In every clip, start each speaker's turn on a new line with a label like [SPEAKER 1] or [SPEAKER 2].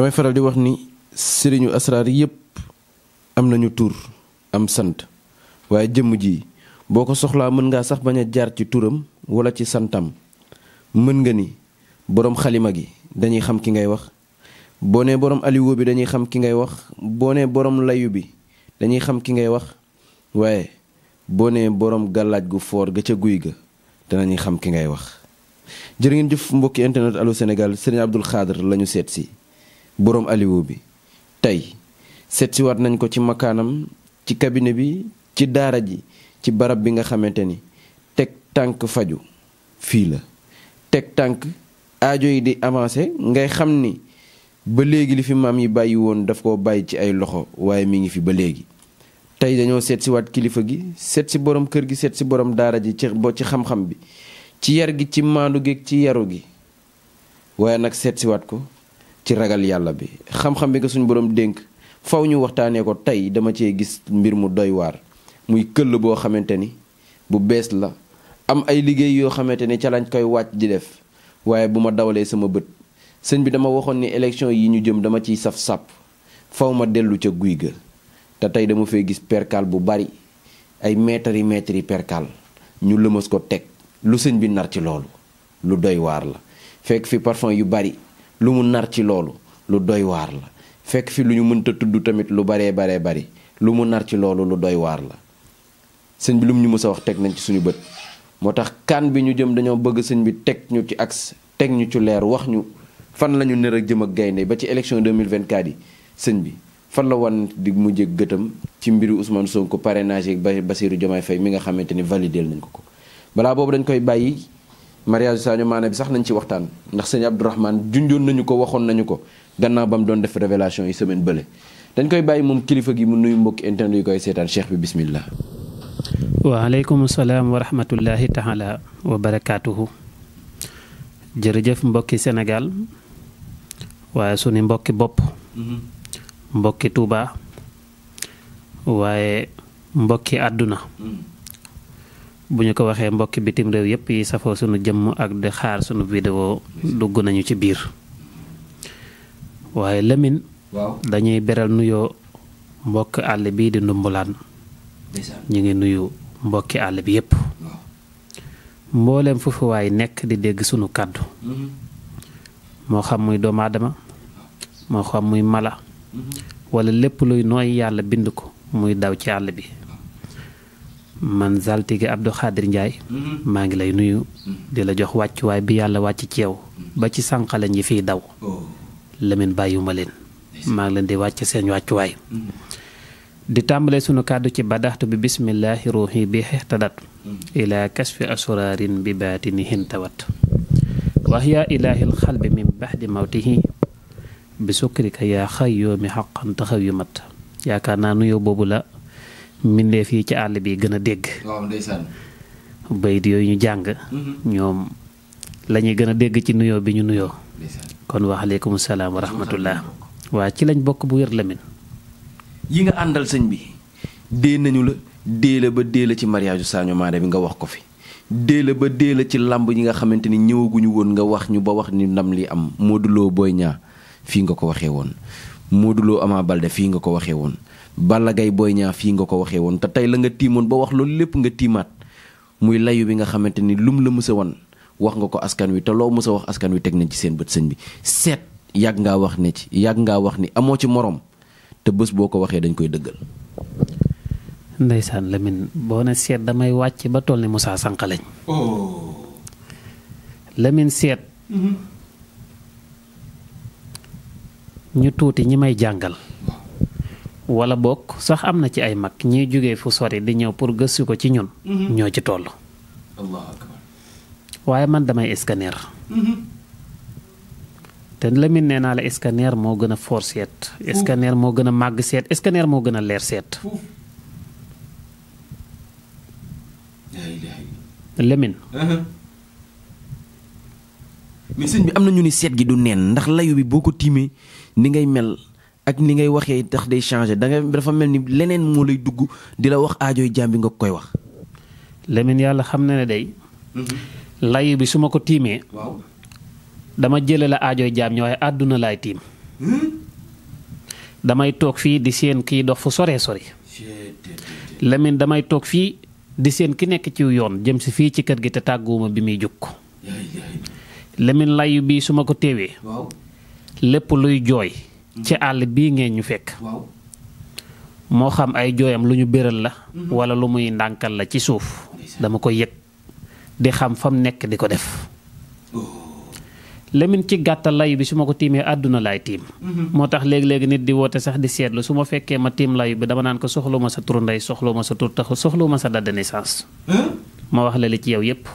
[SPEAKER 1] damay faral di wax ni sëriñu asraar yépp am nañu tur am sant waaye jëmm ji boo ko soxlaa mën ngaa sax bañ a jaar ci turam wala ci santam mën nga ni boroom xalima gi dañuy xam ki ngay wax boo ne boroom aliwo bi dañuy xam ki ngay wax boo nee boroom layu bi dañuy xam ki ngay wax waaye boo nee boroom gàllaaj gu foor ga ca guy ga danañuy xam ki ngay wax jërë ngeen jëf mbokki internet alu Sénégal Serigne Abdoul Khadre lañu seet si boroom Aliou bi tey seetsiwaat nañ ko ci makaanam ci cabinet bi ci daara ji ci barab bi nga xamante ni teg tànk faju fii la teg tànk aajo yi di avancé ngay xam ni ba léegi li fi maam yi bàyyi woon daf koo bàyyi ci ay loxo waaye mi ngi fi ba léegi tey dañoo seet kilifa gi seet si borom kër gi seet si borom daara ji ci bo ci xam-xam bi ci yar gi ci maanu gi ci yaru gi waaye nag seet ko ci ragal yàlla bi xam-xam bi nga suñu borom dénk faw ñu waxtaanee ko tey dama cee gis mbir mu doy waar muy këll boo xamante ni bu bees la am ay liggéey yoo xamante ni ca lañ koy wàcc di def waaye bu ma dawalee sama bët sëñ bi dama waxoon ni élection yi ñu jëm dama ciy saf sàpp faw ma dellu ca guy ga te tey dama fee gis perkal bu bari ay mètres yi mètres yi perkal ñu lëmas ko teg lu sëñ bi nar ci loolu lu doy la fekk fi parfum yu bari lu mu nar ci loolu lu doy waar la fekk fi lu ñu mënta tudd tamit lu baree baree bari lu mu nar ci loolu lu doy waar la sëñ bi lu mu ñu mës a wax teg nañ ci suñu bët moo tax kan bi ñu jëm dañoo bëgg sëñ bi teg ñu ci axe teg ñu ci leer wax ñu fan la ñu nar a jëm ak gaynde ba ci élection 2024 yi sëñ bi fan la wan di mujjee gëtëm ci mbiru Ousmane Sonko parrainage ba Bassirou Diomaye Faye mi nga xamante ni validé nañ ko ko balaa boobu dañ koy bàyyi. mariage saañu Mané bi sax nañ ci waxtaan ndax sëñ Abdourahmane junjoon nañu ko waxoon nañu ko gannaaw ba mu doon def révélation yi semaine bële dañ koy bàyyi moom kilifa gi mu nuyu mbokki internet yu koy seetaan cheikh bi bismillah
[SPEAKER 2] waaleykum salaam wa rahmatullahi taala wa barakaatuhu jërëjëf mbokki Sénégal waaye sunu mbokki bopp mm-hmm. mbokki Touba waaye mbokki àdduna mm-hmm. bu ñu ko waxee mbokki bitim réew yépp yi safoo sunu jëmm ak di xaar sunu vidéo dugg nañu ci biir waaye lëmin dañuy beral nuyoo mbokk àll bii di ndumbulaan ñu ngi nuyu mbokki àll bi yépp mbooleem foofu nekk di dégg sunu kàddu mm-hmm. moo xam muy doomu moo xam muy mala mm-hmm. walla lépp luy nooy yàlla bind ko muy daw ci àll bi man saltige Abdou Khadir Ndiaye mm-hmm. maa ngi lay nuyu mm-hmm. di la jox wàccuwaay bi yàlla wàcc ceew mm-hmm. ba ci sànqalañ yi fiy daw oh. Lamine bàyyiwuma leen maa ngi leen di wàcc seen wàccuwaay di tàmbale sunu kàddu ci badaxtu bi bismillahi ruuxi bi xextadat ilaa kasfi asraarin bi baatini hintawat wax yaa ilaahil xalbi min baxdi mawtihi bi sukrika yaa xayyoomi xaqan taxaw yu mat yaakaar naa nuyoo boobu la mbindeef yi ci àll bi gën a dégg. waaw ndeysaan. bayit yooyu ñu jàng. Mm-hmm. ñoom lañuy gën a dégg ci nuyoo bi ñu nuyoo. kon waaleykum salaam wa rahmatullah. waa ci lañ bokk bu wér lamin
[SPEAKER 1] yi nga àndal sëñ bi dee nañu la dee la ba dee la ci mariage Saño Mané bi nga wax ko fi. dee la ba dee la ci làmb yi nga xamante ni ñëwaguñu woon nga wax ñu ba wax ni ndam li am Modou Lo Boy Niang fii nga ko waxee woon Modou Lo Ama Baldé fii nga ko waxee woon. Balla Gaye Boy Niang fii nga ko waxee woon te tey la nga tiimoon ba wax loolu lépp nga tiimaat muy layu bi nga xamante ni lum la mës a wan wax nga ko askan wi te loo mës a wax askan wi teg nañ ci seen bët sëñ bi seet yàgg ngaa wax ne ci yàgg ngaa wax ni amoo ci moroom te bés boo ko waxee dañ koy dëggal.
[SPEAKER 2] Ndeysaan Lamine boo ne seet damay wàcc ba tool ni Moussa Sànq
[SPEAKER 1] oh.
[SPEAKER 2] lañ. seet. Mm-hmm. ñu tuuti ñi may jàngal. wala bokk sax am na ci ay mag ñuy jóge fu sori di ñëw pour gëstu ko ci ñun. Mhm. ñoo ci toll. waaye man damay scanner. Mhm. te Lamine nee naa la scanner moo gën a fort seet. scanner moo gën a màgg seet scanner moo gën a leer seet.
[SPEAKER 1] Lamine. Uh-huh. mais bi am na ñu ni seet gi du neen ndax layu bi boo ko tiimee ni ngay mel. ak ni ngay waxee tax day changé da dafa mel ni leneen moo lay dugg di la wax aajooy jaam bi nga koy wax. Lamine
[SPEAKER 2] yàlla xam na ne day. Mhm. lay bi su ma ko tiimee. dama jële la aajooy jaam ñi waaye àdduna laay tiim. Hmm? damay toog fii di seen kii dox fu soree sori. Lamine damay toog fii di seen ki nekk ci yoon jëm si fii ci kër gi te tàgguwuma bi muy jukk Lamine lay bii su ma ko téewee. lépp luy jooy. ci àll bii ngeen ñu fekk moo xam ay jooyam lu ñu béral la mhm. wala lu muy ndànkal la ci suuf dama ko yëg di xam fam nekk di ko def oh. lemin ci gàtta layu bi su ma ko tiimee àdduna laay tiim mhm. moo tax léegi-léegi nit di woote sax di seetlu su ma fekkee ma tiim layu bi dama naan ko soxlu ma sa tur ndey soxlu sa tur taxu soxlu ma sa date de ma wax la li ci yow yépp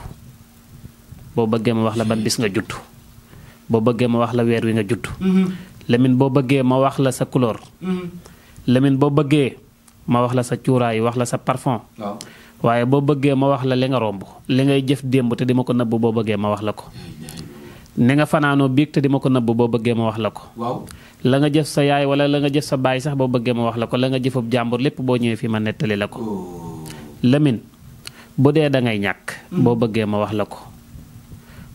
[SPEAKER 2] boo bëggee ma wax la ban bis nga juddu boo bëggee ma wax la weer wi nga judd mhm. Lamine boo bëggee ma wax la sa couleur. Mm-hmm. Lamine boo bëggee ma wax la sa cuuraay wax la sa parfum. waaye boo bëggee ma wax la li nga romb li ngay jëf démb te dima ko nëbb boo bëggee ma wax la ko. ni nga fanaanoo biig te dima ko nëbb boo bëggee ma wax la ko. la nga jëf sa yaay wala la nga jëf sa baay sax boo bëggee ma wax la ko la nga jëfub jàmbur lépp boo ñëwee fi ma nettali la ko. Oh. Lamine bu dee da ngay ñàkk. Mm-hmm. boo bëggee ma wax la ko.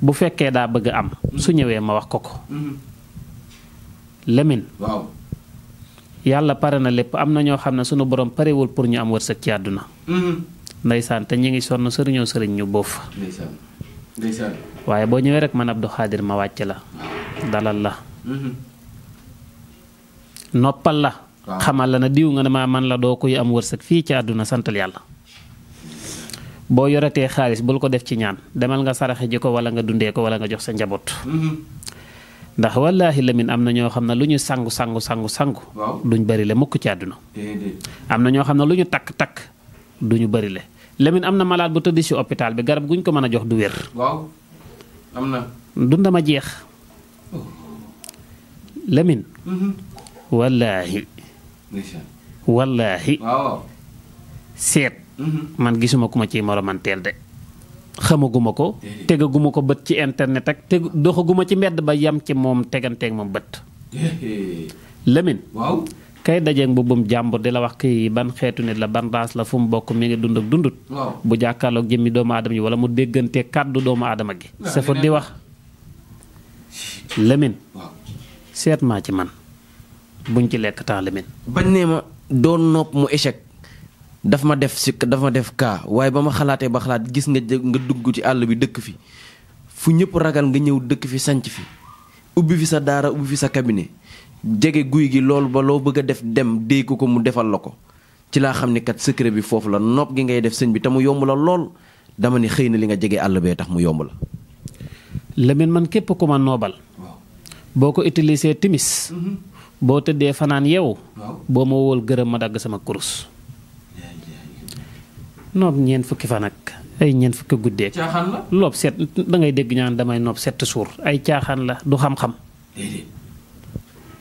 [SPEAKER 2] bu fekkee daa bëgg am su ñëwee ma wax ko ko. Mm-hmm. lemin waaw. yàlla pare na lépp am na ñoo xam ne sunu borom parewul pour ñu am wërsëg ci àdduna. Mm-hmm. ndeysaan te ñu ngi sonn sëriñoo sëriñ ñu boof. ndeysaan ndeysaan. waaye boo ñëwee rek man Abdou Khadir ma wàcc la. dalal la. Mm-hmm. noppal la. xamal la na diw nga ne maa man la doo koy am wërsëg fii ci àdduna santal yàlla. boo yoretee xaalis bul ko def ci ñaan demal nga saraxe ji ko wala nga dundee ko wala nga jox sa njaboot. Mm-hmm. ndax wallaahi lamin am na ñoo xam ne lu ñu sangu sangu sangu sangu. duñ bari le mukk ci àdduna. am na ñoo xam ne lu ñu takk takk duñu bari le lamin am na malaat bu tëdd si hôpital bi garab guñ ko mën a jox du wér.
[SPEAKER 1] waaw na.
[SPEAKER 2] dundam jeex. lemin mhm. wallaahi. wallaahi. seet. Mhm. man gisuma ku ma ciy moromanteel de. xamaguma ko tegaguma ko bët ci internet ak te doxaguma ci mbedd ba yam ci moom teganteek moom bët Lamine waaw kay dajeeg mbubbum jàmbur di la wax kii ban xeetu nit la ban raas la fu mu bokk mi ngi dund ak dundut bu jàkkaarloog jëmmi doomu aadama yi wala mu déggante kàddu doomu aadama gi safa di wax Lamine seet maa ci man buñ ci lekk temps Lamine bañ
[SPEAKER 1] doon nopp mu échec daf ma def si dafa ma def kaa waaye ba ma xalaatee ba xalaat gis nga nga dugg ci àll bi dëkk fi fu ñëpp ragal nga ñëw dëkk fi sanc fi ubbi fi sa daara ubbi fi sa cabinet jege guy gi loolu ba loo bëgg a def dem déy ko ko mu defal la ko ci laa xam ne kat secret bi foofu la nopp gi ngay def sëñ bi te mu yomb la lool dama ne xëy na li nga jege àll bee tax mu yomb la. Lamine man képp ku ma noobal.
[SPEAKER 2] boo ko utilisé timis. Mhm. boo tëddee fanaan yow. boo ma wóol gërëm ma dagg sama kurus. noob ñeent fukki fa nag ay ñeent fukki guddee caaxaan la loob set da ngay dégg ñaan damay noob set suur ay caaxaan la du xam-xam.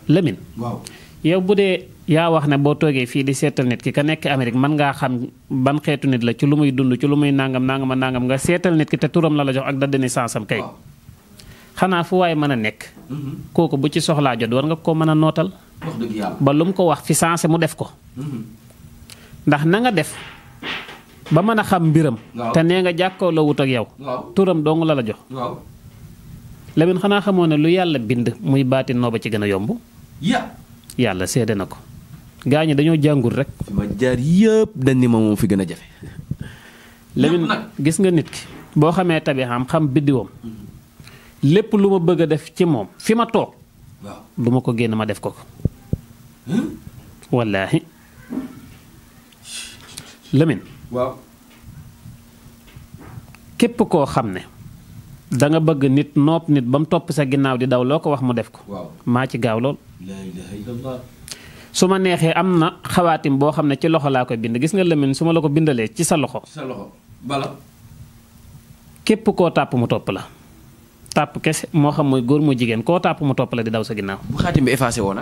[SPEAKER 2] Lamine. yow bu dee yaa wax ne boo toogee fii di seetal nit ki ka nekk Amérique mën ngaa xam ban xeetu nit la ci lu muy dund ci lu muy nangam nangam nangam nga seetal nit ki te turam la la jox ak date de naissance am kay. xanaa fu waaye mën a nekk. Mm-hmm. kooku bu ci soxlaa jot war nga ko mën a nootal. ba lu mu ko wax fi sensé mu def ko. Mm-hmm. ndax na nga def. ba mën a xam mbiram. te nee nga jàkkoo la wut ak turam dong la la jox. waaw xanaa xamoo ne lu yàlla bind muy baati nooba ci gën a yomb. yàlla seede na ko. gaa ñi dañoo jàngul rek. fi ma jaar yëpp fi gën a jafe. Lamine gis nga nit ki boo xamee tabixam xam biddiwam mm-hmm. lépp lu ma bëgg a def ci moom fi ma toog. waaw ma ko génn ma def ko ko. Hmm? wallaahi Lamine. waaw képp koo xam ne danga bëgg nit nopp nit ba mu topp sa ginnaaw di daw loo ko wax mu def ko maa ci gaaw lool su ma neexee am na xawaatim boo xam ne ci loxo laa ko bind gis nga Lamine su ma la ko bindalee ci sa loxo ci sa képp koo tàpp mu topp la tàpp kese moo xam mooy góor mu jigéen koo tàpp mu topp la di daw sa ginnaaw bu xaatim bi woon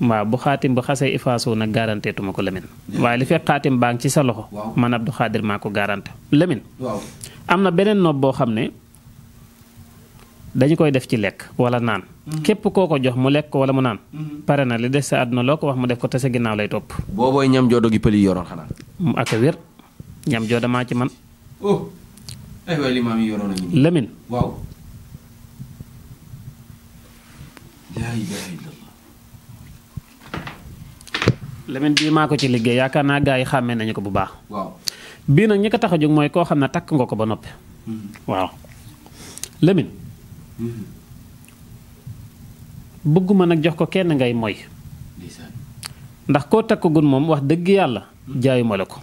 [SPEAKER 2] waaw bu xaatim bu xasee ifaasu nag garanté ko Lamine. waaye li fekk xaatim baa ngi ci sa loxo. man Abdou Khadir maa ko garanté Lamine. am na beneen nopp boo xam ne dañu koy def ci lekk wala naan. Mm-hmm. képp koo ko jox mu lekk wala mu naan. Mm-hmm. pare na li des sa àdduna loo ko wax mu def ko te ginnaaw lay topp.
[SPEAKER 1] boobooy ñam joodo gi pël yi yoroon xanaa. mu mm,
[SPEAKER 2] ak wér ci man.
[SPEAKER 1] oh eh, aywa limaam
[SPEAKER 2] Lamine bii maa ko ci liggéey yaakaar naa gars yi xàmmee nañu ko bu baax. waaw bii nag ñi ko tax a jóg mooy koo xam ne takk nga ko ba noppi. Mm-hmm. waaw Lamine. Mm-hmm. bëgguma nag jox ko kenn ngay moy. ndax koo takkagul moom wax dëgg yàlla mm-hmm. jaayuma la ko.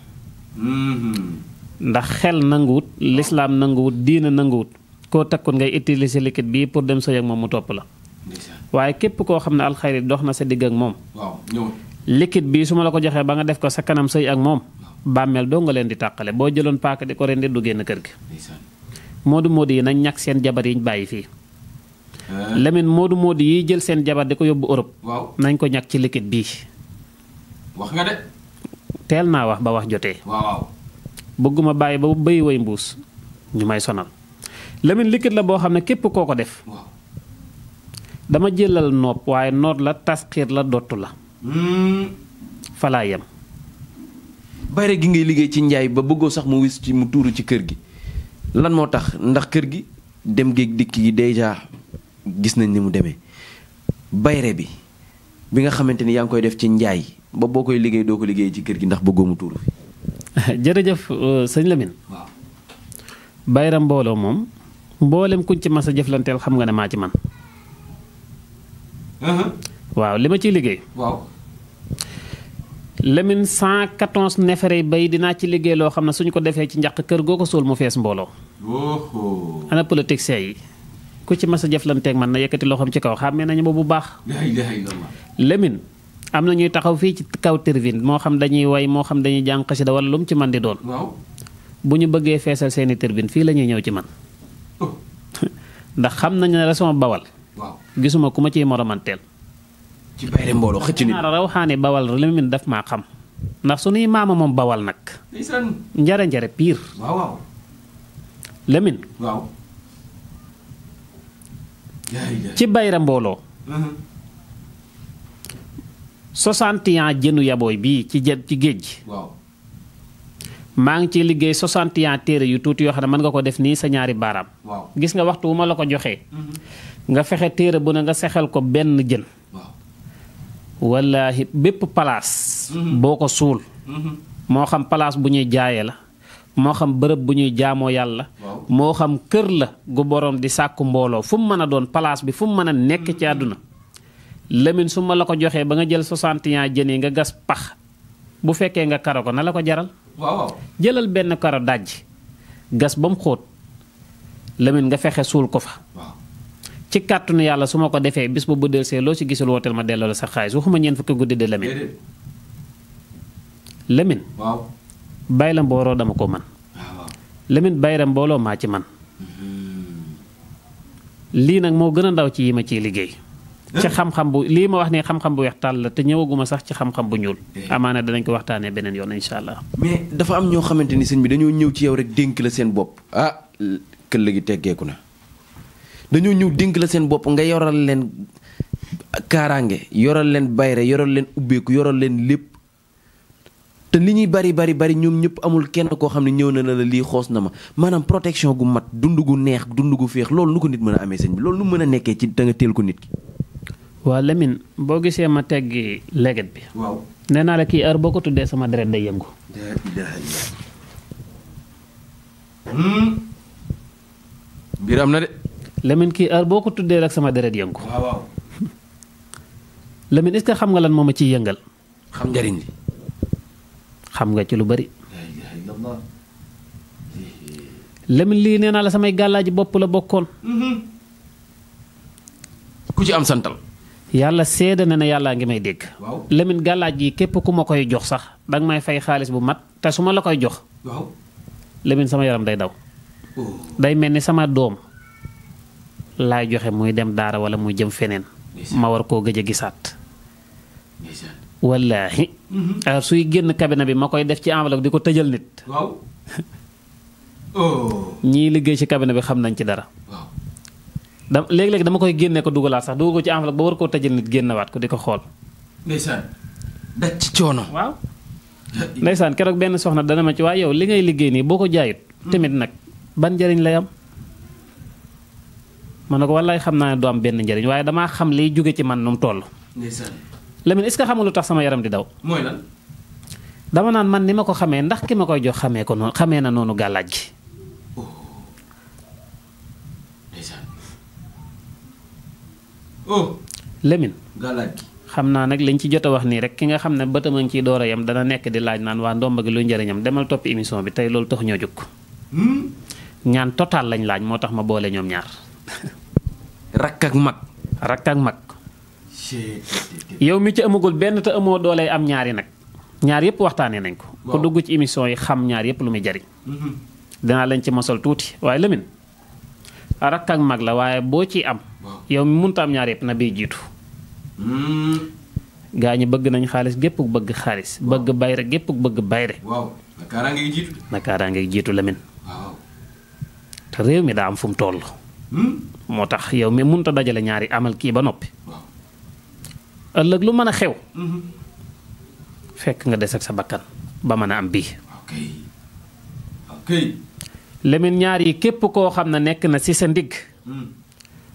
[SPEAKER 2] ndax xel nanguwut lislaam nanguwut diina nanguwut koo takkut ngay utiliser liquide bii pour dem sëy ak moom mu topp la. waaye képp koo xam ne alxayri dox na sa digg ak moom. liquide bii su ma la ko joxee ba nga def ko sa kanam sëy ak moom bàmmeel doo nga leen di tàqale boo jëloon paaka di ko rendi du génn kër gi moodu moodu yi nañ ñàkk seen jabar yi ñu bàyyi fii lemin moodu moodu yi jël seen jabar di ko yóbbu Europe nañ ko ñàkk ci liquide bii wax nga teel naa wax ba wax jotee waaw bëgguma bàyyi ba bëy way mbuus ñu may sonal lemin liquide la boo xam ne képp koo ko def dama jëlal nopp waaye noot la tasxiir la dootu
[SPEAKER 1] la Hmm. fa laa bayre gi ngay liggéey ci njaay ba bëggoo sax mu wis ci mu tuuru ci kër gi lan moo tax ndax kër gi dem géeg dikk gi déjà gis nañ ni mu demee bayre bi bi nga xamante ni yaa ngi koy def ci njaay ba boo koy liggéey doo ko liggéey ci kër gi ndax bëggoo mu tuuru fi.
[SPEAKER 2] jërëjëf euh, sëñ Lamine. waaw bayra mbooloo moom mboolem kuñ ci masa a jëflanteel xam nga ne maa ci man. Uh-huh. waaw li ma ciy liggéey. cent Lamine 114 neefere bay dinaa ci liggéey loo xam ne suñu ko defee ci njaq kër goo ko suul mu fees mbooloo. ana politiciens yi ku ci mas a jëflanteeg man na yëkkati loo xam ci kaw xàmmee nañu ba bu baax. Lamine am na ñuy taxaw fii ci kaw tribune moo xam dañuy way moo xam dañuy jàng xasida wala lu ci man di doon. bu ñu bëggee feesal seeni tribune fii la ñuy ñëw ci man. Oh. ndax xam nañu ne la bawal. gisuma ku ma ciy moromanteel.
[SPEAKER 1] ci bayre mbooloo
[SPEAKER 2] xëcc nit ñaara rawxaani bawal li mu daf maa moom bawal nag njare njare piir
[SPEAKER 1] waaw ci
[SPEAKER 2] bayra mbooloo uh-huh. soixante jënu yabooy bi ci jën ci géej gi waaw maa ngi ciy liggéey soixante téere yu tuuti yoo xam ne mën nga ko def nii sa ñaari baaraam gis nga waxtu wu ma la ko joxee uh-huh. nga fexe téere bu ne nga sexal ko benn jën wallaahi bépp palaas. Mm-hmm. boo ko suul. Mm-hmm. moo xam palaas bu ñuy jaayee la. moo xam bërëb bu ñuy jaamoo yàlla. moo xam kër la gu borom di sàkk mbooloo fu mu mën a doon palaas bi fu mu mën a nekk ci mm-hmm. àdduna. Lamine su ma la ko joxee ba nga jël 61 jën yi nga gas pax bu fekkee nga karo ko na la ko jaral. jëlal benn karo dàjj gas ba mu xóot Lamine nga fexe suul ko fa. ci kàttanu yàlla su ma ko defee bis bu buddeel see loo ci gisul wooteel ma delloo la sa xaalis waxuma ñeent fukki guddi de Lamine. Lamine. waaw bàyyi la mbooloo dama ko man ah, lemin bàyyi la mbooloo maa ci man mm-hmm. lii nag moo gën a ndaw ci yi ma ciy liggéey. Eh? ci xam-xam bu lii ma wax ne xam-xam bu weex tàll la te ñëwaguma sax ci xam-xam bu ñuul. Eh. amaana danañ ko waxtaanee beneen yoon incha allah.
[SPEAKER 1] mais dafa am ñoo xamante ni sëñ bi dañoo ñëw ci yow rek dénk la seen bopp. ah teggeeku na. dañoo ñëw dénk la seen bopp nga yoral leen kaaraange yoral leen bayre yoral leen ubbeeku yoral leen lépp te li ñuy bari bari bari ñoom ñëpp amul kenn koo xam ne ñëw na la lii xoos na ma maanaam protection gu mat dund gu neex dund gu feex loolu nu ko nit mën a amee sëñ bi loolu nu mën a nekkee ci da nga teel ko nit ki.
[SPEAKER 2] waaw Lamine boo gisee ma teggi leget bi. waaw nee naa la kii heure boo ko tuddee sama deret day yëngu. mbir hmm. am na de. Lamine kii heure boo ko tuddee rek sama deret yëngu. waaw waaw. Lamine xam nga lan moom a ciy yëngal. xam njëriñ xam nga ci lu bari. Lamine lii nee naa la samay gàllaaji bopp la bokkoon.
[SPEAKER 1] Mm-hmm. ku ci am santal.
[SPEAKER 2] yàlla seede na ne yàllaa ngi may dégg. waaw gàllaaj yi képp ku ma koy jox sax danga may fay xaalis bu mat te su ma la koy jox. waaw sama yaram day daw. Oh. day mel ni sama doom laay joxe muy dem daara wala muy jëm feneen ma war koo gëj a gisaat wallaahi mhm. ah, suy génn kabina bi ma koy def ci enveloppe di ko tëjal nit
[SPEAKER 1] oh.
[SPEAKER 2] liggéey ci cabinet bi xam nañ ci dara da léegi-léegi dama koy génne ko dugalaat sax dugal ko ci enveloppe ba war koo tëjal nit génnewaat ko di ko xool ndeysaan daj ci keroog benn soxna dana ma ci waaye yow li ngay liggéey nii boo ko jaayut mm. tamit nag ban njëriñ lay am ma ne ko wallaay xam naa ne du am benn njëriñ waaye dama xam liy jóge ci man nu mu toll. Lamine est-ce xam nga lu tax sama yaram di daw. mooy dama naan man ni ma ko xamee ndax ki ma koy jox xamee ko noonu xamee na noonu gàllaaj gi. oh. oh. xam naa nag liñ ci jot a wax nii rek ki nga xam ne bëtam a ngi ciy door yam dana nekk di laaj naan waa ndomba gi luy njariñam demal toppi émission bi tey loolu tax ñoo jóg. Hmm? ñaan total lañ laaj moo tax ma boole ñoom ñaar. rakk ak mag rakk mag. yow mi ci amagul benn te amoo doolay am ñaari nag ñaar yëpp waxtaanee nañ ko. ku dugg ci émission yi xam ñaar yëpp lu muy jariñ mm-hmm. dinaa leen ci mosal tuuti waaye Lamine rakk ak mag la waaye boo ciy am. yow mi mënut am ñaar yëpp na bee jiitu.
[SPEAKER 1] Mm.
[SPEAKER 2] gaa ñi bëgg nañ xaalis gépp bëgg xaalis. bëgg bayre gépp bëgg bayre.
[SPEAKER 1] waaw jiitu.
[SPEAKER 2] nakaaraange te réew mi daa am fu mu toll. Hmm? moo tax yow mi mënut a dajale ñaari amal kii ba noppi ëllëg lu mën a xew mm-hmm. fekk nga des sa bakkan ba mën a am bii lemin ñaar yi képp koo xam ne nekk na ci sa ndigg mm.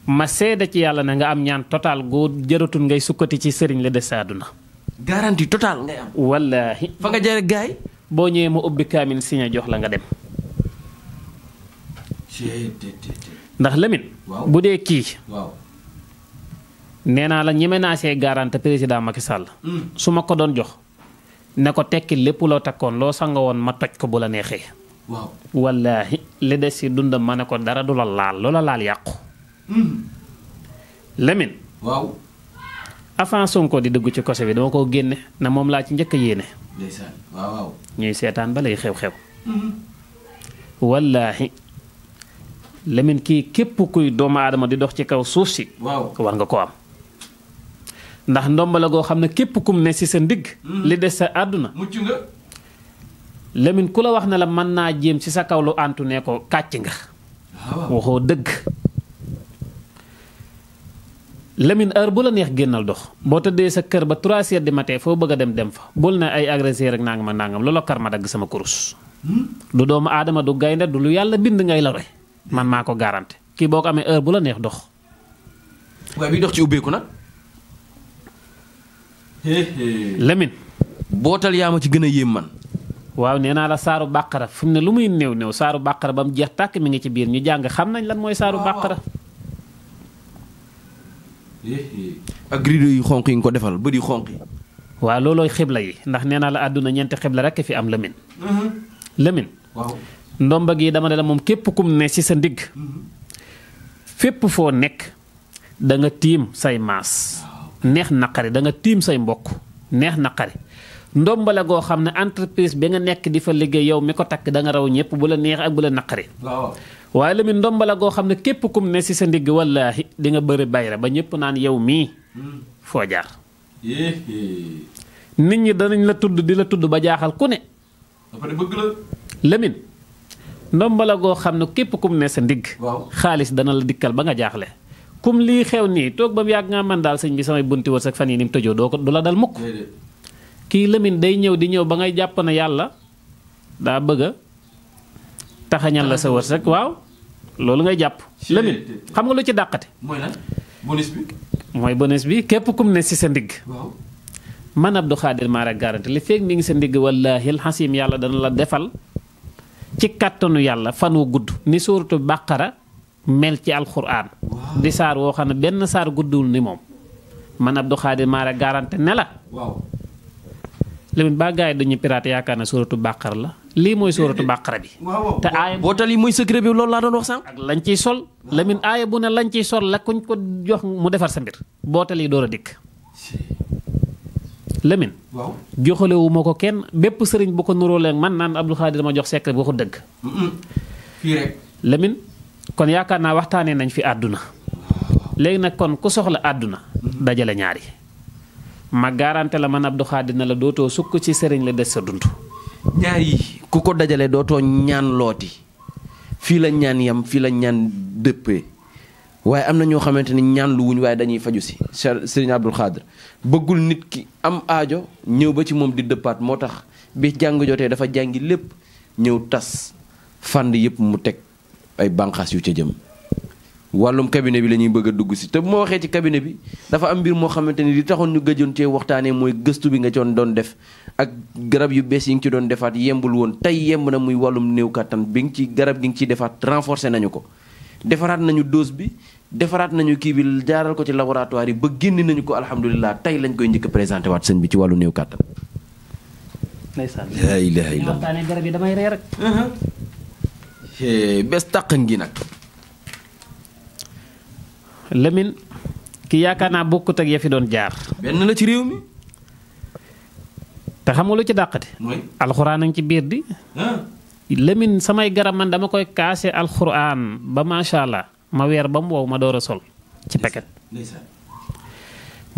[SPEAKER 2] ma seede ci yàlla na nga am ñaan total goo jëratul ngay sukkati ci sëriñ la des sa àdduna garantie total ngay am wallaahi fa nga jëre gaay boo ñëwee ma ubbi kaamil si jox la nga dem ndax Lamine.
[SPEAKER 1] bu dee kii.
[SPEAKER 2] nee naa la ñeme naa see garante président Macky sàll mm. su ma ko doon jox. ne ko tekki lépp loo takkoon loo sanga woon ma toj ko bu la neexee. waaw wallaahi li des si dundam ma ne ko dara du la laal loola laal yàqu. Mm. Lamine. waaw. avant Sonko di dugg ci kose bi dama koo génne na moom laa ci njëkk a yéene. ñuy seetaan ba lay xew-xew. Mm-hmm. wallaahi Lamine kii képp kuy doomu aadama di dox ci kaw suuf si. waaw war nga ko am. ndax ndomba la goo xam ne képp kum ne ci sa ndigg. Mm. li des sa àdduna. mucc nga. ku la wax ne la mën naa jéem ci sa kaw lu antu ne ko kàcc nga. waxoo dëgg. Lamine heure bu la neex génnal dox boo tëddee sa kër ba 3 heures du matin foo bëgg a dem dem fa bul ne ay agressé rek nangam a nangam loola kar ma dagg sama kurus. Hmm? du doomu aadama du gaynde du lu yàlla bind ngay lore. man maa ko garanti kii boo ko amee heure bu la neex
[SPEAKER 1] dox. waaye bi ci ubbeeku nag. Lamine. bootal yaa ma ci gën a yéem man.
[SPEAKER 2] waaw nee naa la saaru bàq fu mu ne lu muy new new saaru bàqara ba mu jeex tàkk mi ngi ci biir ñu jàng xam nañ lan mooy saaru bàqara.
[SPEAKER 1] ak rido yu xonq yi nga ko defal bët yu xonq yi.
[SPEAKER 2] waaw loolooy xibla yi ndax nee naa la àdduna ñeenti xibla rek fi am Lamine. Mm-hmm. Lamine. ndomba gi dama la moom képp kum ne ci sa ndigg fépp foo nekk da nga tiim say maas neex naqari da nga tiim say mbokk neex naqari ndomba la goo xam ne entreprise bi nga nekk di fa liggéey yow mi ko takk da nga raw ñëpp bu la neex ak bu la naqari waaye la mi la goo xam ne képp kum ne ci sa ndigg wallaahi di nga bëri bayra ba ñëpp naan yow mii foo jaar nit ñi danañ la tudd di la tudd ba jaaxal ku ne Lamin ndomba la goo xam ne képp kum ne sa ndigg xaalis dana la dikkal ba nga jaaxle kum lii xew nii toog ba mu yàgg nga man daal sëñ bi samay bunti wërsëg fan yi ni mu tëjoo doo ko du la dal mukk kii lëmin day ñëw di ñëw ba ngay jàpp na yàlla daa bëgga taxañal la sa wërsëg waaw loolu ngay jàpp lëmin xam nga lu ci dàqati
[SPEAKER 1] mooy lan bi
[SPEAKER 2] mooy bonus bi képp kum ne si sa ndigg man Abdou Khadir Mara garanti li feeg mi ngi sa ndigg wallaahi alxasim yàlla dana la defal ci kàttanu yàlla fan wu gudd ni suuratu bàqara mel ci alxuraan di saar woo xam ne benn saar guddul ni moom mën Abdou Khadir Mara garanté ne la léegi ba gars yi dañuy piraat yaakaar ne suuratu bàqara la lii mooy suuratu bàqara bi te aaya bootal yi mooy secret bi loolu laa doon wax sànq lañ ciy sol lamin aaya bu ne lañ ciy sol la kuñ ko jox mu defar sa mbir bootal yi door a lëmin waaw joxalewu ko kenn bépp sëriñ bu ko nuróolee man naan Abdou Khadir ma jox secret waxu dëgg. fii kon yaakaar naa waxtaanee nañ fi àdduna. léegi nag kon ku soxla àdduna. Mm-hmm. dajale ñaari. ma garanté la man Abdou Khadir na la dootoo sukk ci sëriñ la des sa dund. ñaar yi ku ko dajale dootoo
[SPEAKER 1] ñaan looti fii la ñaan yam fii la ñaan dëppee. waaye am na ñoo xamante ni ñaan lu wuñ waaye dañuy faju si sëriñ Abdul Xaadir bëggul nit ki am aajo ñëw ba ci moom di dëppaat moo tax bi jàng jotee dafa jàngi lépp ñëw tas fànn yëpp mu teg ay bànqaas yu ca jëm wàllum cabinet bi la ñuy bëgg a dugg si te bu ma waxee ci cabinet bi dafa am mbir moo xamante ni li taxoon ñu gëjoon cee waxtaanee mooy gëstu bi nga coon doon def ak garab yu bees yi nga ci doon defaat yembul woon tey yemb na muy wàllum néew kàttan bi nga ci garab gi nga ciy defaat renforcé nañu ko defaraat nañu dose bi defaraat nañu kii bi jaaral ko ci laboratoire yi ba génn nañu ko alhamdulilah tey lañ koy njëkk présenté waat sëñ bi ci wàllu néew kàttan. ndeysaan laa ilaaha
[SPEAKER 2] garab yi damay ree rek. Uh-huh.
[SPEAKER 1] bés gi nag.
[SPEAKER 2] Lamine ki yaakaar naa bokkut ak ya fi doon jaar. benn la ci réew mi. te xam nga lu ci dàqati. mooy alxuraan a ci biir di. Lamine samay garab man dama koy kaase alxuraan ba macha allah ma weer ba mu wow ma door a sol ci peket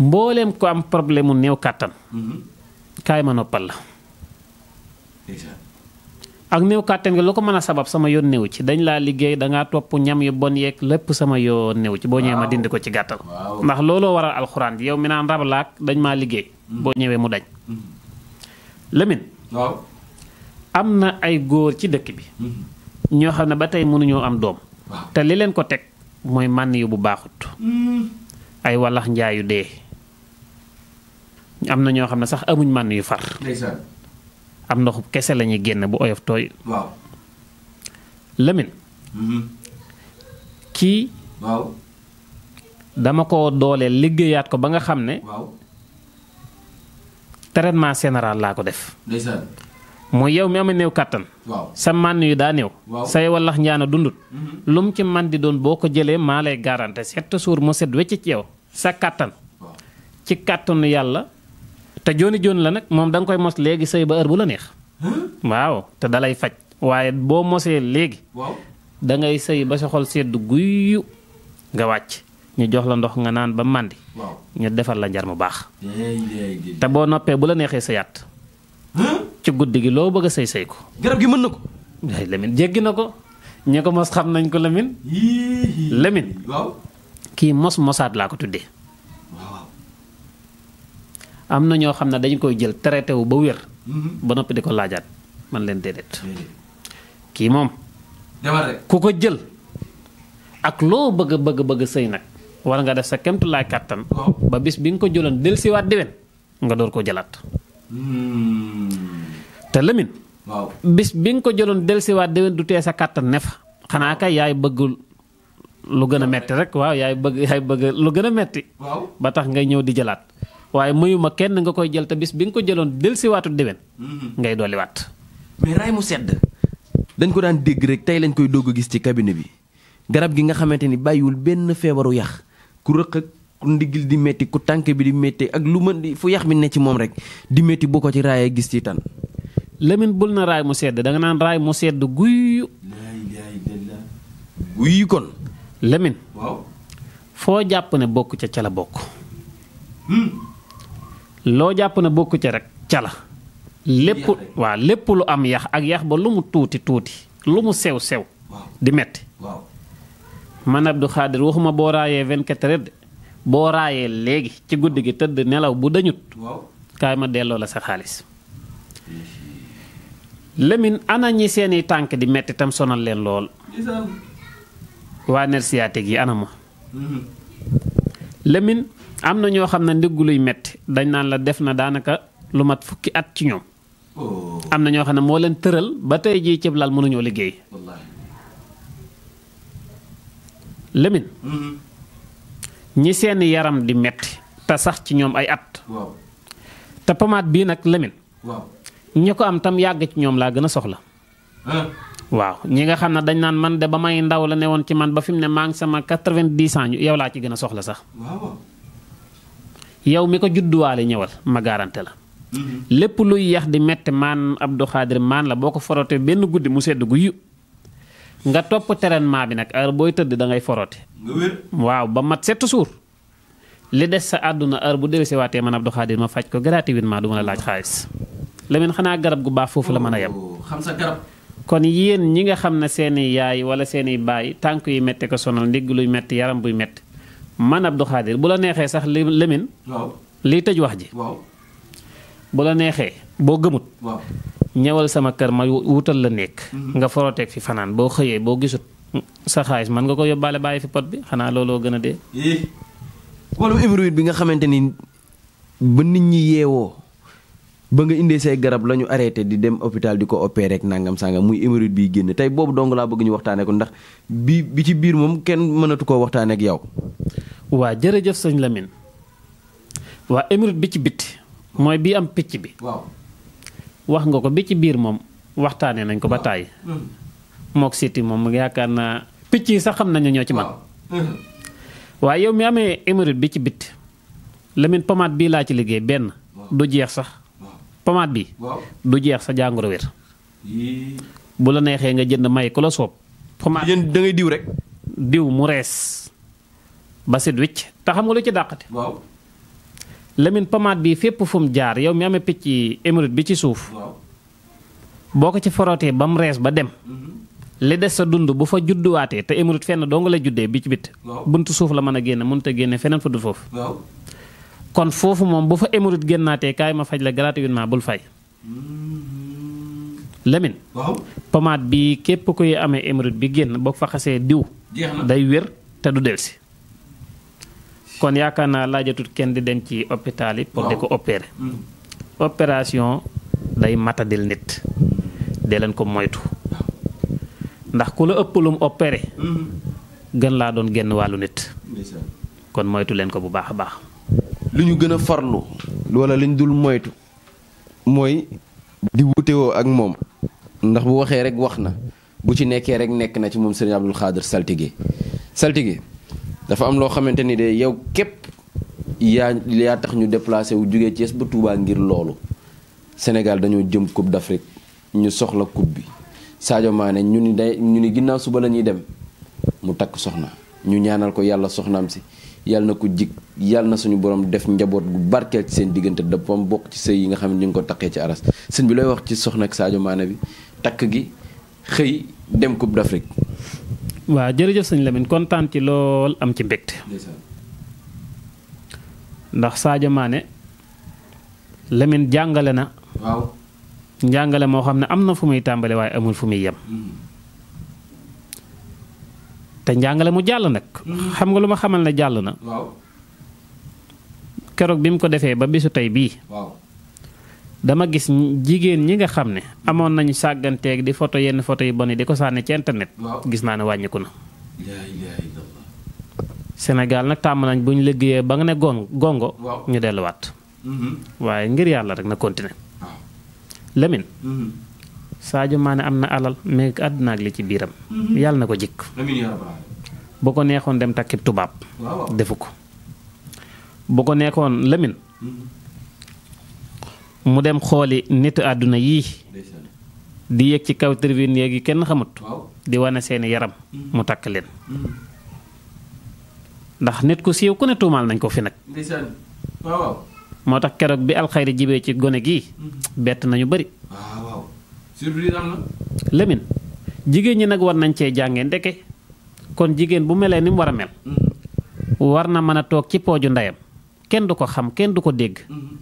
[SPEAKER 2] mbooleem ko am problème mu néew kàttan mm-hmm. kaay ma noppal la ak néew kàttan gi lu ko mën a sabab sama yoon néew ci dañ laa liggéey dangaa topp ñam yu bon yeeg lépp sama yoon néew ci boo ñëwee ma dindi ko ci gàttal ndax looloo waral alxuraan yow mi naan rabalaak dañ maa liggéey mm-hmm. boo ñëwee mu dañ mm-hmm. Lamine am na ay góor ci dëkk bi mm-hmm. ñoo xam ne ba tey mënuñoo am doom te li leen ko teg mooy mànn bu baaxut mm-hmm. ay wallax njaayu dee am na ñoo xam ne sax amuñ mànn yu far am ndoxu kese lañuy génn bu oyof tooy waaw mm-hmm. kii dama ko dooleel liggéeyaat ko ba nga xam ne traitement général laa ko def mooy yow mi am néew kàttan sa mànn yu daa néew say wallax njaana dundut mm-hmm. lu mu ci man di doon boo ko jëlee maa lay garanté sett suur mu set wecc ci sa kàttan ci kàttanu yàlla te jooni jooni la nag moom danga koy mos léegi sëy ba heure bu la neex waaw te dalay faj waaye boo mosee léegi da ngay sëy ba sa xol sedd guyu nga wàcc ñu jox la ndox nga naan ba màndi ñu defal la njar mu baax te boo noppee bu la neexee sëyaat ci guddi gi loo bëgg a sëy sëy ko. garab gi mën na ko. waaye Lamine jéggi na ko ñi ko mos xam nañ ko Lamine. Lamine. waaw kii mos mosaat laa ko tuddee. am na ñoo xam ne dañ koy jël traité wu ba wér. Mhm. ba noppi di ko laajaat man leen déedéet. kii moom. ku ko jël. ak loo bëgg bëgg bëgg sëy nag. war nga def sa kemtu laay kàttan ba bis bi nga ko jëloon dellusiwaat déwén nga door ko jëlaat. Hmm. te Lamine. waaw bis bi nga ko jëloon dellusiwaat déwén du tee sa kàttan ne fa xanaa kay yaay bëggul lu gën a metti rek waaw yaay bëgg yaay bëgg lu gën a metti ba tax ngay ñëw di jëlaat waaye mayuma kenn nga koy
[SPEAKER 1] jël te bis bi nga ko jëloon dellusiwaatu déwén mhm. ngay dolliwaat mais raay mu sedd dañ ko daan dégg rek tey lañ koy doog a gis ci kabine bi garab gi nga xamante ni bàyyiwul benn feebaru yax ku rëq ku ndigil di metti ku tànk bi di metti ak lu mën di fu yax mi ne ci moom rek di metti boo ko ci raaya gis ci lëmin bul na raay mu sedd da nga naan raay mu sedd
[SPEAKER 2] guy. guy kon. Lamine. foo jàpp ne bokk ca ca la bokk. Hmm. loo jàpp ne bokk ca rek ca la. lépp waaw lépp lu am yax ak yax ba lu mu tuuti tuuti lu mu sew sew. di metti man Abdou Khadir waxuma boo raayee 24 heures boo raayee léegi ci guddi gi tëdd nelaw bu dañut kaay ma delloo la sa xaalis Lamine ana ñi seeni tànk di metti tam sonal leen lool waa nerf sciatique yi ana ma Lamine am na ñoo xam ne ndiggu luy metti dañ naan la def na daanaka lu mat fukki at ci ñoom oh. am na ñoo xam ne moo leen tëral ba tey jii cëb laal mënuñoo liggéey Lamine mm-hmm. ñi seeni yaram di metti te sax ci ñoom ay at te pomaat bii nag Lamine ñi ko am tam yàgg ci ñoom laa gën a soxla. waaw ñi nga xam ne dañ naan man de ba may ndaw la ne woon ci man ba fi mu ne maa ngi sama quatre-vingt-dix yow laa ci gën a soxla sax. yow mi ko judduwaale ñëwal ma garanté la. Mm-hmm. lépp luy yax di metti maan Abdou Khadir maan la boo ko forootee benn guddi mu sedd guy nga topp traitement bi nag ar booy tëdd da ngay forote. waaw ba mat sept jours. li des sa àdduna heure bu dellusiwaatee man Abdou Khadir ma faj ko gratuitement du ma la laaj xaalis. Lamine xanaa garab gu baax foofu la mën a yem. Oh, xam sa kon yéen ñi nga xam ne seeni yaay wala seeni baay tànk yi metti ko sonal ndigg luy metti yaram buy metti man Abdou Khadir bu la neexee sax li Lamine. waaw liy tëj wax ji. waaw bu la neexee boo gëmut. ñëwal sama kër ma wutal la nekk. Mhm. nga foroteeg fi fanaan boo xëyee boo gisut sa xaalis mën nga ko yóbbaale bàyyi fi pot bi xanaa looloo gën
[SPEAKER 1] a dee. wàllu hémorroïde bi nga xamante ni ba nit ñi yeewoo. ba nga indee say garab la ñu arrêté di dem hôpital di ko opéré ak nangam sangam muy hémorroïde biy génn tey boobu dong laa bëgg ñu waxtaanee ko ndax bi bi ci biir moom kenn mënatu koo waxtaaneek ak yow. waa jërëjëf sëñ Lamine waa hémorroïde bi ci bitti mooy
[SPEAKER 2] bii am picc bi. waaw nga ko bi ci biir moom waxtaane nañ ko ba taay. Hmm. mook siti moom yaakaar naa picc yi sax xam nañu ñoo ci man waaye hmm. yow mi amee hémorroïde bi ci bitti Lamine pomade bii laa ci liggéey benn du jeex sax. pomaat bi. du jeex sa jàngoro wér. bu la neexee nga jënd may ku la soob. pomaat bi da diw rek. diw mu rees ba set wicc te xam nga lu ci dàqate. waaw lamin pomaat bi fépp fu mu jaar yow mi amee picc yi émirut bi ci suuf. boo ko ci forootee ba mu rees ba dem. Mm-hmm. li des sa dund bu fa judduwaatee te émirut fenn doo nga la juddee bi ci bit buntu suuf la mën a génne mënut a génne feneen fa du foofu. kon foofu moom bu fa émorite génnaatee kaay ma faj la gratuitement bul fay. Mm-hmm. Lamine. waaw pommade bi képp kuy amee émorite bi génn boo fa xasee diw. day wér te du delsi kon yaakaar naa laajatut kenn di dem ci hôpital pour di ko opérer. Mm-hmm. opération day matadil nit. dee leen ko moytu. ndax ku la ëpp lum opéré. Mm-hmm. gën laa doon génn wàllu nit. kon moytu leen ko bu baax a baax.
[SPEAKER 1] li ñu gën a farlu wala lañ dul moytu mooy di wutewoo ak moom ndax bu waxee rek wax na bu ci nekkee rek nekk na ci moom sëriñ Abdul Xaadir saltige saltige dafa am loo xamante ni de yow képp yaa yaa tax ñu déplacé wu jógee Thiès ba Touba ngir loolu Sénégal dañoo jëm Coupe d'Afrique ñu soxla coupe bi Sadio Mané ñu ni day ñu ni ginnaaw suba la ñuy dem mu takk soxna ñu ñaanal ko yàlla soxnaam si yàlla na ko jig yàlla na suñu borom def njaboot gu barkeel ci seen diggante dëppam bokk ci sëy yi nga xam ne ñu ngi ko taqee ci aras sëñ bi looy wax ci soxna ak Sadio Mané bi takk gi xëy dem Coupe d'Afrique.
[SPEAKER 2] waaw jërëjëf sëñ lemin kontaan ci lool am ci mbégte. ndax Sadio maane lemin jàngale na. waaw moo xam ne am na fu muy tàmbali waaye amul fu muy yem. Mm. te njàngale mu jàll nag. xam nga lu ma xamal ne jàll na. keroog bi mu ko defee ba bisu tey bii. dama gis jigéen ñi nga xam ne amoon nañu sàgganteeg di photo yenn foto yu bon yi di ko sànni ci internet. gis naa ne wàññiku na. Sénégal nag tàmm nañ bu ñu liggéeyee ba nga ne gon gongo. ñu delluwaat. Mm-hmm. waaye ngir yàlla rek na continuer. Lamine. Mm-hmm. Sadio Mané am na alal mais àdduna ak li ci biiram. Mhm. yàlla na ko jikk bu ko neexoon dem takki tubaab. defu ko bu ko neexoon Lamine. Mhm. mu dem xooli nitu àdduna yii. di yéeg ci kaw tribune yeeg yi kenn xamut. di wane seeni yaram. Mhm. mu takk leen. ndax nit ku siiw ku ne tuumaal nañ ko fi nag. moo tax keroog bi alxayri jibee ci gone gii. bett nañu bari.
[SPEAKER 1] surprise
[SPEAKER 2] jigéen ñi nag war nañ cee jànge ndeke kon jigéen bu melee ni mu war a mel.
[SPEAKER 1] Mm-hmm.
[SPEAKER 2] war na mën a toog ci pooju ndeyam kenn du ko xam kenn du ko dégg. Mm-hmm.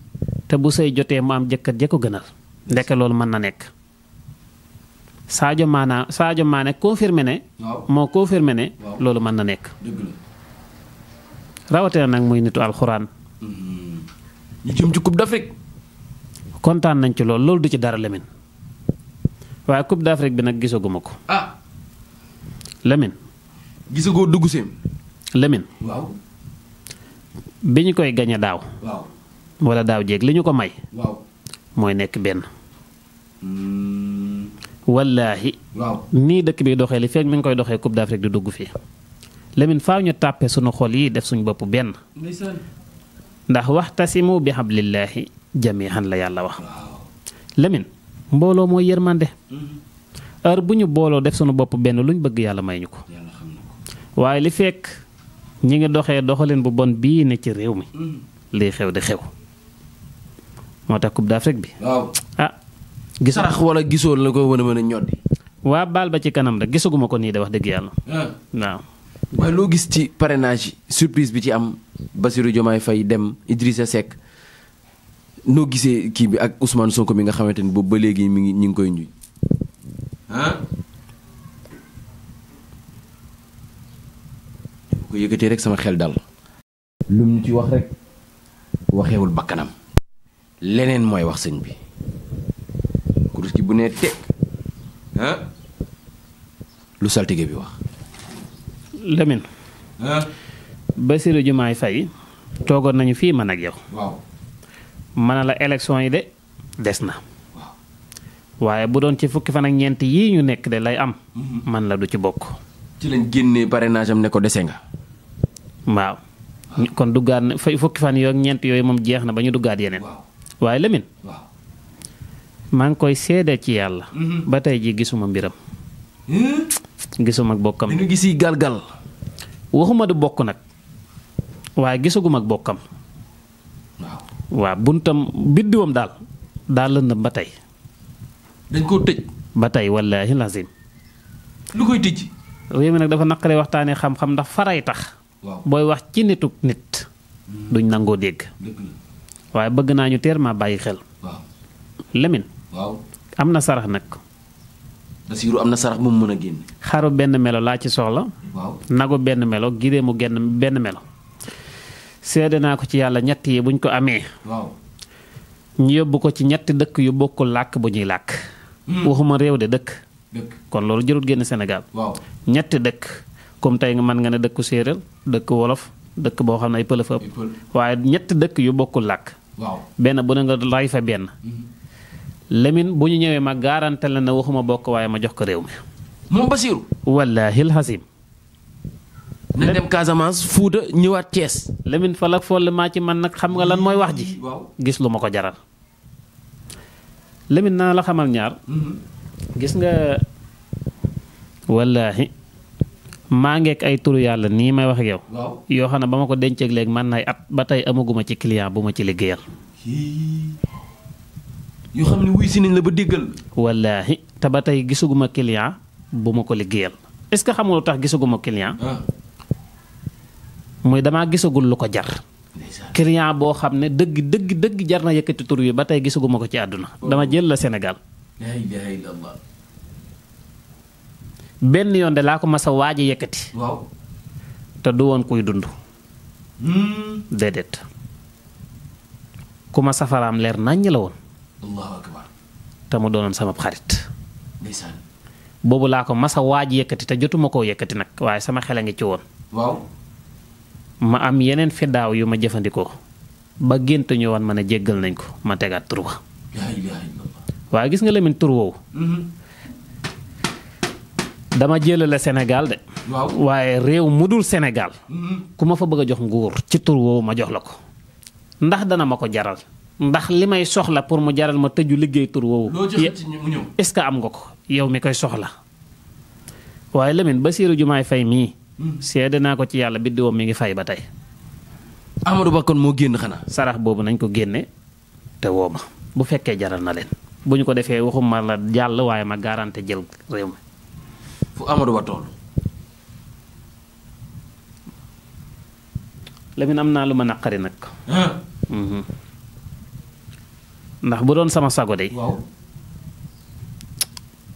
[SPEAKER 2] te bu sëy jotee mu am jëkkër ja ko gënal. ndeke loolu mën na nekk. saajo Maana saajo Maane confirmé ne. moo confirmé ne. loolu mën na nekk. rawatina nag muy nitu alxuraan. Mm-hmm. ñu jëm kontaan nañ ci lool loolu du ci dara Lamine. waaye Coupe d'Afrique bi nag gisaguma ko. ah. Lamine. gisagoo dugg seem. Lamine. waaw. bi ñu koy gañe daaw. waaw. daaw jéeg li ñu ko may. mooy nekk benn. Hmm. wallaahi. waaw nii dëkk bi doxee li fekk mi ngi koy doxee Coupe d'Afrique di dugg fii. Lamine faaw ñu tàppe suñu xol yi def suñu bopp benn. ndax waxtasimu bi hablillahi jamiihan la yàlla wax. mbooloo mooy yërmande mm-hmm. heure bu ñu booloo def sunu bopp benn lu ñu bëgg yàlla may ñu ko waaye li fekk ñi ngi doxee doxalin bu bon bii ne ci réew mi mm-hmm. lii xew di xew moo tax coupe d'Afrique bi ah gisarax wala gisoon la ko mën a mën a ñoddi waa
[SPEAKER 1] baal ba ci kanam rek gisaguma ko nii de wax dëgg yàlla ah. waaw waaye loo gis ci parrainage surprise bi ci am Bassirou Diomaye fay dem Idrissa Seck noo gisee kii bi ak Ousmane Sonko mi nga xamante ni boobu ba léegi mi ngi ñu ngi koy njuñ ah. ko yëkkatee rek sama xel dal. lu ci wax bakkanam. leneen mooy wax sëñ bi. kurus bu nee lu saltige bi wax. Lamine. ah.
[SPEAKER 2] Bassirou Diomaye Faye toogoon nañu fii mën ak yow. mën la élection yi de des na waaye bu doon ci fukki fan ak ñeent yii ñu nekk de lay am mhm. man la du ci bokk ci lañ génnee parrainage am dese nga waaw kon duggaat na fukki fan yooyu ñeent yooyu moom jeex na ba ñu duggaat yeneen waaye Lamine maa ngi koy seede ci yàlla mhm. ba tey ji gisuma mbiram gisuma ak bokkam ñu gisi galgal waxuma du bokk nag waaye gisuguma ak bokkam waaw buntam biddiwam daal daal lëndëm ba tey. dañ koo ba tey wallaahi lazim. lu koy tëj. réew mi nag dafa naqaree waxtaanee xam-xam ndax faray tax. booy wax ci nituk nit. Hmm. duñ nangoo dégg. waaye bëgg naa ñu teer maa bàyyi xel. lemin am na sarax nag. Basiiru am na sarax bu a génn. xaru benn melo laa ci soxla. waaw nagu benn melo gidee mu genn benn melo. seede naa ko ci yàlla ñett yi buñ ko amee. ñu yóbbu ko ci ñetti dëkk yu bokkul làkk bu ñuy làkk. Hmm. waxuma réew de dëkk. kon loolu jërul génn senegal waaw ñetti dëkk comme tey nga mën nga ne dëkku séeréer dëkk wolof dëkk boo xam ne ay pël fa ëpp waaye ñetti dëkk yu bokkul làkk. waaw benn bu ne nga lay fa benn. Hmm. Lamine bu ñu ñëwee ma garanté la ne waxuma bokk waaye ma jox ko réew mi. moom Basiiru. wallaahi alxasim dañ dem Casamance Fuuta ñëwaat Thiès. Lamine Fall ak Folle maa ci man nag xam nga lan mooy wax ji. gis lu ma ko jaral. lemin naa la xamal ñaar. Mhm. gis nga wallaahi maa ngeek ay turu yàlla nii may wax ak yow. yoo xam ne ba ma ko denceeg léegi man nay at ba tey amaguma ci client bu ma ci liggéeyal. yoo xam ne wuy wallaahi te ba tey gisaguma client bu ma ko liggéeyal. est-ce que xam nga lu tax gisaguma client. Ah. mooy damaa gisagul lu ko jar. client boo xam ne dëgg dëgg dëgg jar na yëkkati tur wi ba tey gisaguma ko ci àdduna. dama jël la Sénégal. benn yoon de laa ko mas a waaj a yëkkati. te du woon kuy dund. Hmm. déedéet. ku ma safaraam leer naññ la woon. te mu doonoon sama xarit. boobu laa ko mas a waaj yëkkati te jotuma koo yëkkati nag waaye sama xel a ngi ci woon. ma am yeneen fiddaaw yu ma jëfandikoo ba gént ñu wan ma ne jéggal nañ ko ma tegaat tur wa waaye gis nga Lamine tur woowu dama jëlale Sénégal de waaye réew mu dul Sénégal mm-hmm. ku ma fa bëgg a jox nguur ci tur ma jox la ko ndax dana ma ko jaral ndax li may soxla pour mu jaral ma tëju liggéey tur woowu est am nga ko yow mi koy soxla waaye Lamine Bassirou Diomaye Faye mii seede naa ko ci yàlla biddiwoom mi ngi fay ba tey. Amadou Ba kon moo génn xanaa. sarax boobu nañ ko génne te woo ma bu fekkee jaral na leen bu ñu ko defee waxuma la jàll waaye ma garante jël réew mi. fu naa lu ma naqari nag. Mhm. ndax bu doon sama sago de. waaw.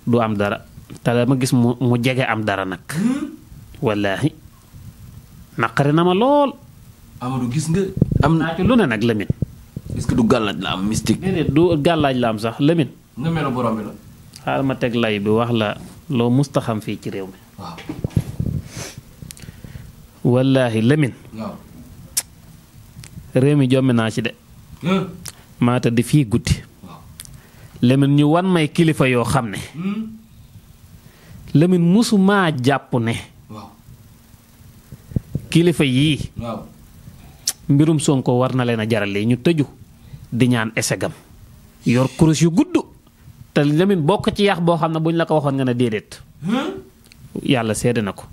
[SPEAKER 2] du am dara te dama gis mu mu jege am dara nag. Hmm? wallaahi naqari na ma lool. gis nga. am naa ci lu ne nag Lamine. que du gàllaaj la am mystique. sax Lamine. xaaral ma teg lay bi wax la loo mustaxam fii ci réew mi. waaw. wallaahi Lamine. réew mi jommi naa ci de. maa tëdd fii guddi. Lamine ñu wan may kilifa yoo xam ne. Lamine musu maa jàpp ne. kilifa yii. mbirum Sonko war na leen a jaralee ñu tëju di ñaan esegam yor kurus yu gudd te lemin bokk ci yàq boo xam ne buñ la ko waxoon nga ne déedéet. Hmm? yàlla sedd na ko.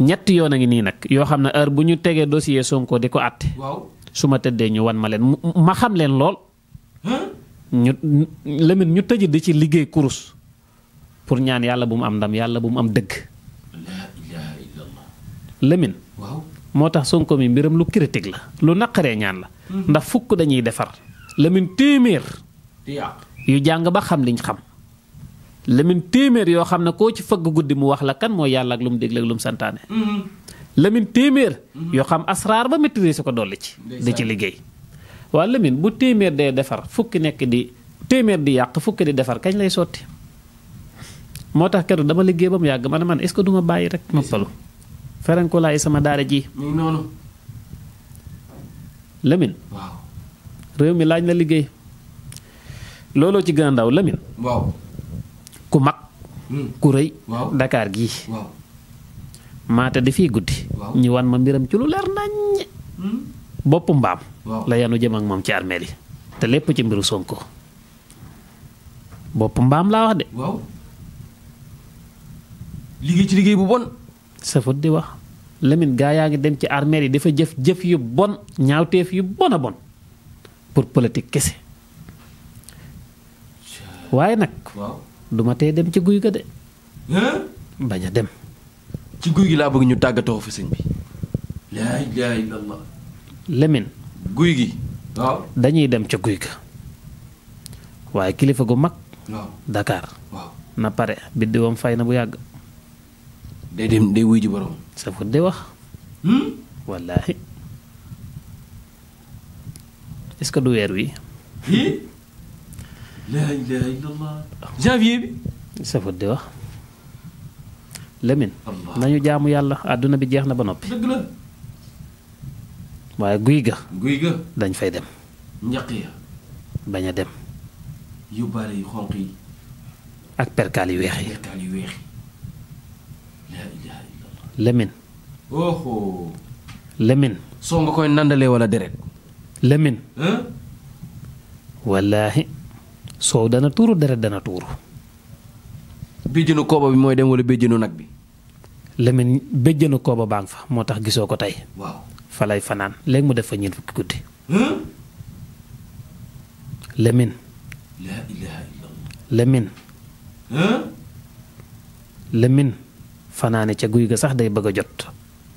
[SPEAKER 2] ñetti yoon a ngi nii nag yoo xam ne heure bu ñu tegee dossier Sonko di ko àtte. waaw su ma tëddee ñu wan ma leen ma xam leen lool. Hmm? ñu lamin ñu tëj di ci liggéey kurus pour ñaan yàlla bu mu am ndam yàlla bu mu am dëgg. Lamine. waaw moo tax Sonko mi mbiram lu critique la lu naqaree ñaan la. Mhm. ndax fukk dañuy defar. lëmin téeméer. yu jàng ba xam liñ xam. Lamine téeméer yoo xam ne koo ci fëgg guddi mu wax la kan mooy yàlla ak lu mu dégle ak lu mu santaane. Mhm. Lamine téeméer. Mhm. yoo xam asraar ba maîtriser ko dolli ci. da ci liggéey. waa Lamine bu téeméer dee defar fukki nekk di téeméer di yàq fukki di defar kañ lay sotti. moo tax keroog dama liggéey ba mu yàgg ma ne man est-ce que du ma bàyyi rek noppalu. ferenkulaay sama daara ji noonu Lamine réew mi laaj la liggéey looloo ci gën a ndaw Lamine ku mag hmm. ku rëy Dakar gii maata di fii guddi ñu wan ma mbiram ci lu leer naññ hmm. boppu mbaam la yanu jëm ak moom ci armeel yi te lépp ci mbiru Sonko boppu mbaam laa wax de liggéey ci liggéey bu bon safut di wax Lamine gaa yaa ngi dem ci armée yi dafa jëf jëf yu bon ñaawteef yu bon a bon pour politique kese waaye nag. duma ma dem ci guy ga de.
[SPEAKER 1] bañ a dem. ci guy gi laa bëgg ñu tàggatoo fa sëñ bi.
[SPEAKER 2] lëmin guy gi. dañuy dem ca guy ga. waaye kilifa gu mag. waaw Dakar. na pare biddiwam fay na bu yàgg. day dem day wuy ji borom. safut de wax. Hmm? wallaahi est-ce que du weer wi.
[SPEAKER 1] laa ilaaha illallaah. janvier bi.
[SPEAKER 2] safut de wax. Lamine. nañu jaamu yàlla àdduna bi jeex na ba noppi. dëgg waaye guy ga. guy ga dañ fay dem.
[SPEAKER 1] ñaq bañ a dem. yóbbaale yu xonq yi.
[SPEAKER 2] ak perkaal yu weex
[SPEAKER 1] yi. perkaal yu weex yi. lemin oh
[SPEAKER 2] soo nga koy nandalee wala deret lëmin wallaahi soow dana tuuru deret dana tuuru
[SPEAKER 1] béjjënu kooba bi mooy dem wala béjjënu nag
[SPEAKER 2] bi lëmin béjjënu kooba baa ngi fa moo tax gisoo ko tey waaw fa fanaan léegi mu def fa ñeent fukki guddi lëmin lëmin fanaane ca guy ga sax day bëgg a jot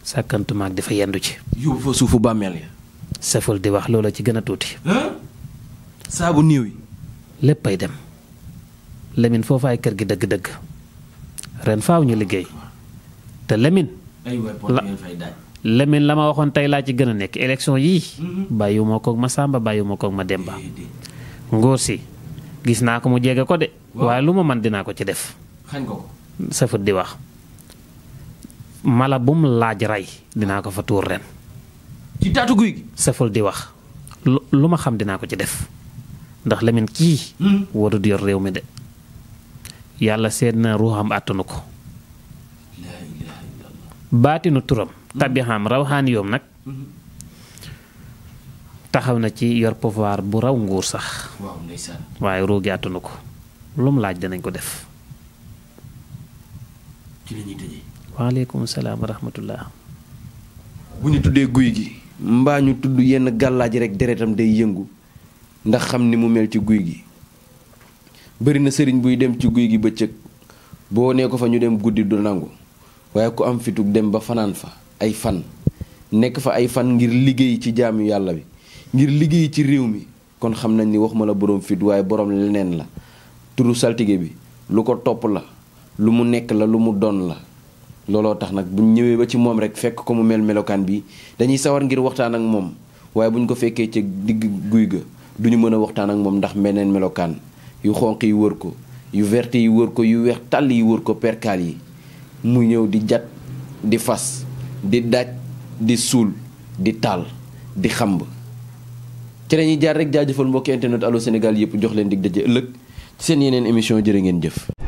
[SPEAKER 2] sàkkantumaag di fa yendu ci. yóbbu suufu bàmmeel ya di wax loola ci gën a tuuti. saabu léppay dem Lamine foofaay kër gi dëgg-dëgg ren faaw ñu liggéey te Lamine. la Lamine la ma waxoon tey laa ci gën a nekk élection yii. Mhm. bàyyiwuma koog ma sàmba Samba bàyyiwuma koog ma Demba. ngóor si gis naa ko mu jege ko de. waaye lu ma man dinaa ko ci def. xañ ko di wax. mala bum mu laaj rey dinaa ko fa tuur ren. ci taatu di wax lu ma xam dinaa ko ci def ndax lemin kii. Hmm. warut yor réew mi de yàlla seet na ruuxam àttanu ko. baatinu turam. Hmm. tabixaam rawxaan yoom nag. Hmm. taxaw na ci yor pouvoir bu raw nguur sax. waaye ruu gi àttanu ko lu laaj dinañ ko def. waaleykum salaam
[SPEAKER 1] bu ñu tuddee guy gi mbaa ñu tudd yenn gàllaaj rek deretam day yëngu ndax xam ni mu mel ci guy gi bëri na sëriñ buy dem ci guy gi bëccëg boo nee ko fa ñu dem guddi du nangu waaye ku am fitug dem ba fanaan fa ay fan nekk fa ay fan ngir liggéey ci jaamu yàlla bi ngir liggéey ci réew mi kon xam nañ ni wax ma la boroom fit waaye boroom leneen la turu saltige bi lu ko topp la lu mu nekk la lu mu doon la looloo tax nag buñ ñëwee ba ci moom rek fekk ko mu mel melokaan bi dañuy sawar ngir waxtaan ak moom waaye buñ ko fekkee ci digg guy ga duñu mën a waxtaan ak moom ndax meneen melokaan yu xonq yi wër ko yu verte yi wër ko yu weex tàll yi wër ko perkaal yi mu ñëw di jat di fas di daaj di suul di taal di xamb ci la ñuy jaar rek jaajëfal mbokki internet Allô Sénégal yëpp jox leen dig daje ëllëg ci seen yeneen émission jërë ngeen jëf